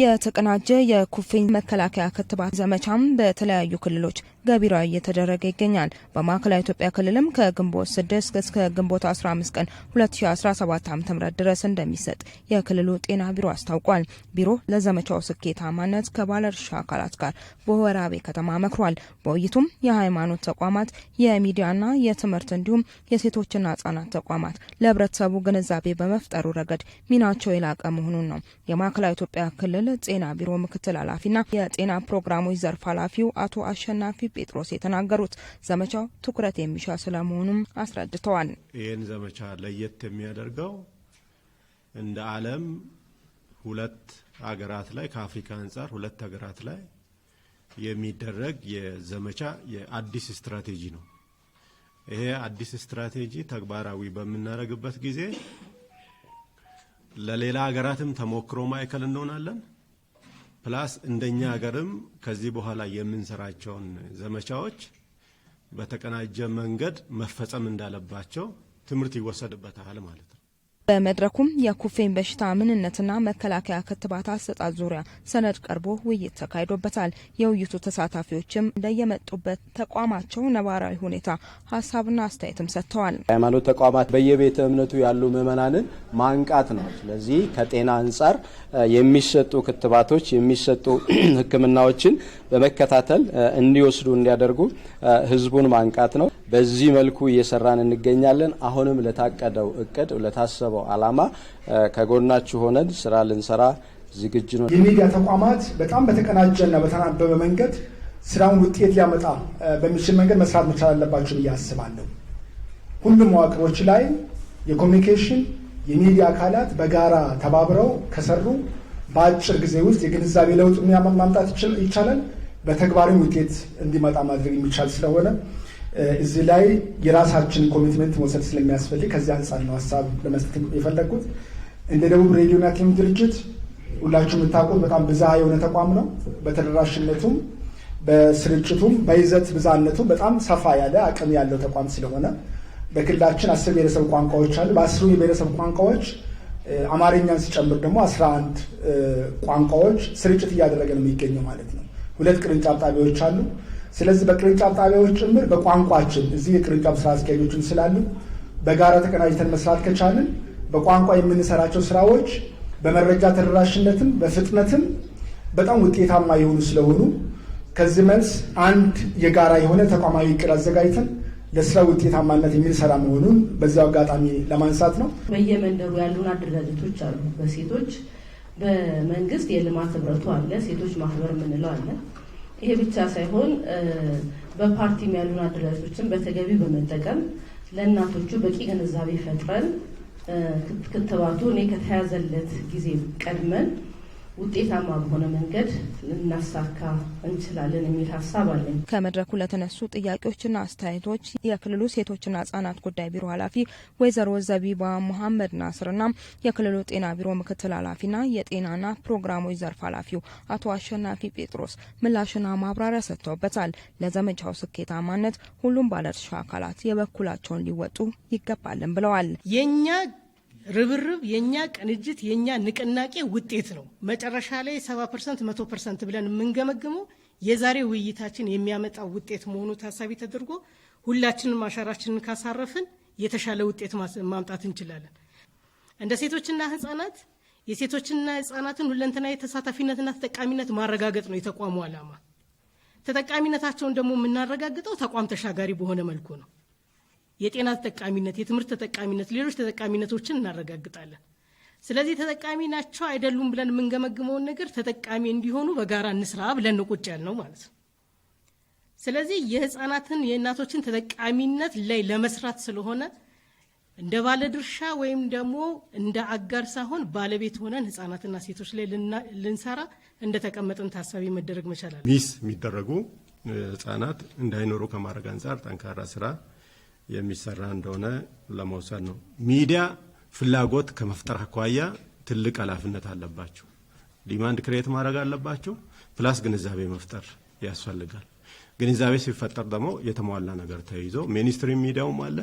የተቀናጀ የኩፍኝ መከላከያ ክትባት ዘመቻም በተለያዩ ክልሎች ገቢራዊ እየተደረገ ይገኛል። በማዕከላዊ ኢትዮጵያ ክልልም ከግንቦት 6 እስከ ግንቦት 15 ቀን 2017 ዓ ም ድረስ እንደሚሰጥ የክልሉ ጤና ቢሮ አስታውቋል። ቢሮ ለዘመቻው ስኬታማነት ከባለድርሻ አካላት ጋር በወራቤ ከተማ መክሯል። በውይይቱም የሃይማኖት ተቋማት፣ የሚዲያና የትምህርት እንዲሁም የሴቶችና ህጻናት ተቋማት ለህብረተሰቡ ግንዛቤ በመፍጠሩ ረገድ ሚናቸው የላቀ መሆኑን ነው የማዕከላዊ ኢትዮጵያ ክልል ጤና ቢሮ ምክትል ኃላፊና የጤና ፕሮግራሞች ዘርፍ ኃላፊው አቶ አሸናፊ ጴጥሮስ የተናገሩት። ዘመቻው ትኩረት የሚሻ ስለመሆኑም አስረድተዋል። ይህን ዘመቻ ለየት የሚያደርገው እንደ ዓለም ሁለት ሀገራት ላይ ከአፍሪካ አንጻር ሁለት ሀገራት ላይ የሚደረግ የዘመቻ የአዲስ ስትራቴጂ ነው። ይሄ አዲስ ስትራቴጂ ተግባራዊ በምናደርግበት ጊዜ ለሌላ ሀገራትም ተሞክሮ ማዕከል እንሆናለን። ፕላስ እንደኛ ሀገርም ከዚህ በኋላ የምንሰራቸውን ዘመቻዎች በተቀናጀ መንገድ መፈጸም እንዳለባቸው ትምህርት ይወሰድበታል ማለት ነው። በመድረኩም የኩፍኝ በሽታ ምንነትና መከላከያ ክትባት አሰጣጥ ዙሪያ ሰነድ ቀርቦ ውይይት ተካሂዶበታል። የውይይቱ ተሳታፊዎችም እንደየመጡበት ተቋማቸው ነባራዊ ሁኔታ ሀሳብና አስተያየትም ሰጥተዋል። ሃይማኖት ተቋማት በየቤተ እምነቱ ያሉ ምእመናንን ማንቃት ነው። ስለዚህ ከጤና አንጻር የሚሰጡ ክትባቶች የሚሰጡ ሕክምናዎችን በመከታተል እንዲወስዱ እንዲያደርጉ ህዝቡን ማንቃት ነው። በዚህ መልኩ እየሰራን እንገኛለን። አሁንም ለታቀደው እቅድ ለታሰበው አላማ ከጎናችሁ ሆነን ስራ ልንሰራ ዝግጅ ነው። የሚዲያ ተቋማት በጣም በተቀናጀና በተናበበ መንገድ ስራውን ውጤት ሊያመጣ በሚችል መንገድ መስራት መቻል አለባቸው ብዬ አስባለሁ። ሁሉም መዋቅሮች ላይ የኮሚኒኬሽን የሚዲያ አካላት በጋራ ተባብረው ከሰሩ በአጭር ጊዜ ውስጥ የግንዛቤ ለውጥ ማምጣት ይቻላል። በተግባራዊ ውጤት እንዲመጣ ማድረግ የሚቻል ስለሆነ እዚህ ላይ የራሳችን ኮሚትመንት መውሰድ ስለሚያስፈልግ ከዚህ አንጻር ነው ሀሳብ ለመስጠት የፈለግኩት። እንደ ደቡብ ሬዲዮና ቲም ድርጅት ሁላችሁ የምታውቁት በጣም ብዛ የሆነ ተቋም ነው። በተደራሽነቱም በስርጭቱም በይዘት ብዛነቱም በጣም ሰፋ ያለ አቅም ያለው ተቋም ስለሆነ በክልላችን አስር ብሔረሰብ ቋንቋዎች አሉ። በአስሩ የብሔረሰብ ቋንቋዎች አማርኛን ሲጨምር ደግሞ አስራ አንድ ቋንቋዎች ስርጭት እያደረገ ነው የሚገኘው ማለት ነው። ሁለት ቅርንጫፍ ጣቢያዎች አሉ። ስለዚህ በቅርንጫፍ ጣቢያዎች ጭምር በቋንቋችን እዚህ የቅርንጫፍ ስራ አስኪያጆችን ስላሉ በጋራ ተቀናጅተን መስራት ከቻልን በቋንቋ የምንሰራቸው ስራዎች በመረጃ ተደራሽነትም በፍጥነትም በጣም ውጤታማ የሆኑ ስለሆኑ ከዚህ መልስ አንድ የጋራ የሆነ ተቋማዊ እቅድ አዘጋጅተን ለስራ ውጤታማነት የሚሰራ መሆኑን በዚያው አጋጣሚ ለማንሳት ነው። በየመንደሩ ያሉን አደረጃጀቶች አሉ። በሴቶች በመንግስት የልማት ህብረቱ አለ፣ ሴቶች ማህበር የምንለው አለ። ይሄ ብቻ ሳይሆን በፓርቲም ያሉን አደራጆችን በተገቢ በመጠቀም ለእናቶቹ በቂ ግንዛቤ ፈጥረን ክትባቱ እኔ ከተያዘለት ጊዜ ቀድመን ውጤታማ በሆነ መንገድ ልናሳካ እንችላለን የሚል ሀሳብ አለኝ። ከመድረኩ ለተነሱ ጥያቄዎችና አስተያየቶች የክልሉ ሴቶችና ህጻናት ጉዳይ ቢሮ ኃላፊ ወይዘሮ ዘቢባ ሙሐመድ ናስርና የክልሉ ጤና ቢሮ ምክትል ኃላፊና የጤናና ፕሮግራሞች ዘርፍ ኃላፊው አቶ አሸናፊ ጴጥሮስ ምላሽና ማብራሪያ ሰጥተውበታል። ለዘመቻው ስኬታማነት ሁሉም ባለድርሻ አካላት የበኩላቸውን ሊወጡ ይገባልን ብለዋል። የእኛ ርብርብ የእኛ ቅንጅት የእኛ ንቅናቄ ውጤት ነው። መጨረሻ ላይ 70 ፐርሰንት፣ 100 ፐርሰንት ብለን የምንገመግመው የዛሬ ውይይታችን የሚያመጣው ውጤት መሆኑ ታሳቢ ተደርጎ ሁላችንም አሻራችንን ካሳረፍን የተሻለ ውጤት ማምጣት እንችላለን። እንደ ሴቶችና ህጻናት የሴቶችና ህጻናትን ሁለንተናዊ ተሳታፊነትና ተጠቃሚነት ማረጋገጥ ነው የተቋሙ ዓላማ። ተጠቃሚነታቸውን ደግሞ የምናረጋግጠው ተቋም ተሻጋሪ በሆነ መልኩ ነው። የጤና ተጠቃሚነት፣ የትምህርት ተጠቃሚነት፣ ሌሎች ተጠቃሚነቶችን እናረጋግጣለን። ስለዚህ ተጠቃሚ ናቸው አይደሉም ብለን የምንገመግመውን ነገር ተጠቃሚ እንዲሆኑ በጋራ እንስራ ብለን እንቁጭ ቁጭ ያልነው ማለት ነው። ስለዚህ የህፃናትን የእናቶችን ተጠቃሚነት ላይ ለመስራት ስለሆነ እንደ ባለ ድርሻ ወይም ደግሞ እንደ አጋር ሳይሆን ባለቤት ሆነን ህጻናትና ሴቶች ላይ ልንሰራ እንደተቀመጠን ታሳቢ መደረግ መቻላል። ሚስ የሚደረጉ ህጻናት እንዳይኖሩ ከማድረግ አንጻር ጠንካራ ስራ የሚሰራ እንደሆነ ለመውሰድ ነው። ሚዲያ ፍላጎት ከመፍጠር አኳያ ትልቅ ኃላፊነት አለባቸው። ዲማንድ ክሬት ማድረግ አለባቸው። ፕላስ ግንዛቤ መፍጠር ያስፈልጋል። ግንዛቤ ሲፈጠር ደግሞ የተሟላ ነገር ተይዞ ሚኒስትሪ ሚዲያውም አለ፣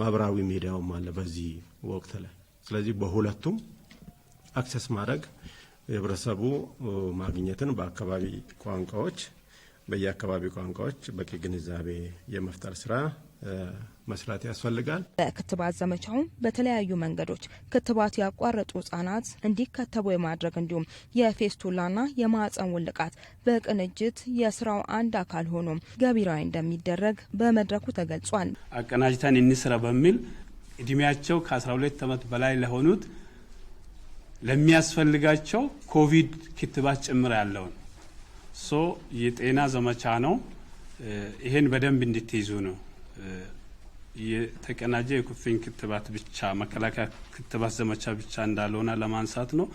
ማህበራዊ ሚዲያውም አለ በዚህ ወቅት ላይ። ስለዚህ በሁለቱም አክሰስ ማድረግ የህብረተሰቡ ማግኘትን በአካባቢ ቋንቋዎች በየአካባቢ ቋንቋዎች በቂ ግንዛቤ የመፍጠር ስራ መስራት ያስፈልጋል። በክትባት ዘመቻውም በተለያዩ መንገዶች ክትባት ያቋረጡ ህጻናት እንዲከተቡ የማድረግ እንዲሁም የፌስቱላና የማህፀን ውልቃት በቅንጅት የስራው አንድ አካል ሆኖ ገቢራዊ እንደሚደረግ በመድረኩ ተገልጿል። አቀናጅተን እንስራ በሚል እድሜያቸው ከ12 ዓመት በላይ ለሆኑት ለሚያስፈልጋቸው ኮቪድ ክትባት ጭምር ያለውን ሶ የጤና ዘመቻ ነው። ይህን በደንብ እንድትይዙ ነው። የተቀናጀ የኩፍኝ ክትባት ብቻ መከላከያ ክትባት ዘመቻ ብቻ እንዳልሆነ ለማንሳት ነው።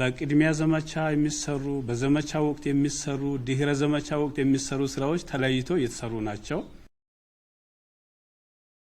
በቅድሚያ ዘመቻ የሚሰሩ በዘመቻ ወቅት የሚሰሩ ድህረ ዘመቻ ወቅት የሚሰሩ ስራዎች ተለይቶ እየተሰሩ ናቸው።